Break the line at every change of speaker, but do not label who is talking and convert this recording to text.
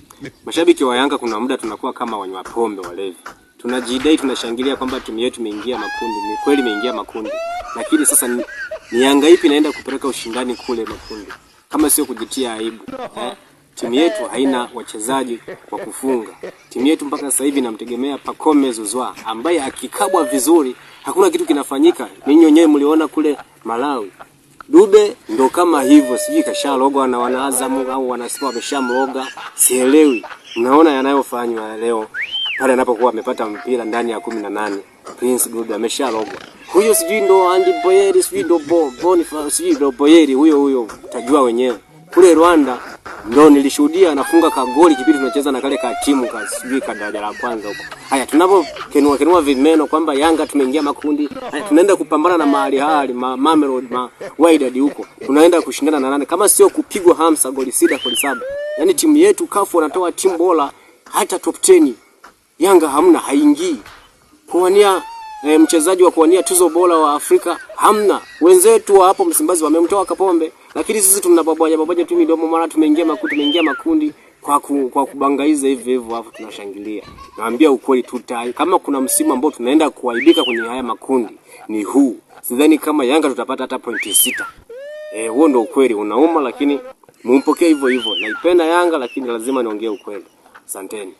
Mashabiki wa Yanga kuna muda tunakuwa kama wanywa pombe walevi, tunajidai tunashangilia kwamba timu yetu imeingia makundi. Ni kweli imeingia makundi, lakini sasa ni, ni Yanga ipi inaenda kupeleka ushindani kule makundi kama sio kujitia aibu eh? Timu yetu haina wachezaji wa kufunga. Timu yetu mpaka sasa hivi inamtegemea Pacome Zouzoua ambaye akikabwa vizuri hakuna kitu kinafanyika. Ninyi wenyewe mliona kule Malawi. Dube ndo kama hivyo, sijui kashalogwa na wanazamu au wanasipa wameshamloga, sielewi. naona yanayofanywa leo pale anapokuwa amepata mpira ndani ya kumi na nane Prince Dube ameshalogwa. Huyo sijui ndo Andy Boyeri, sijui ndo Boniface, sijui ndo Boyeri, huyo huyo utajua wenyewe kule Rwanda ndio nilishuhudia anafunga kagoli kipindi tunacheza na kale ka timu ka sijui ka daraja la kwanza huko. Haya, tunapo kenua vimeno kwamba Yanga tumeingia makundi. Haya, tunaenda kupambana na mahali hali ma, Mamelodi ma Wydad huko. Tunaenda kushindana na nani? Kama sio kupigwa hamsa goli sita kwa saba. Yani timu yetu kafu wanatoa timu bora hata top 10. Yanga hamna haingii. Kwa nia e, mchezaji wa kuwania tuzo bora wa Afrika hamna. Wenzetu wa hapo Msimbazi wamemtoa Kapombe, lakini sisi tunababaja babaja tu midomo, mara tumeingia makundi, tumeingia makundi kwa, ku, kwa kubangaiza hivi hivyo, alafu tunashangilia. Naambia ukweli, tutai kama kuna msimu ambao tunaenda kuaibika kwenye haya makundi ni huu. Sidhani kama Yanga tutapata hata pointi sita. Eh, huo ndio ukweli, unauma lakini mumpokee hivyo hivyo. Naipenda Yanga lakini lazima niongee ukweli. Asanteni.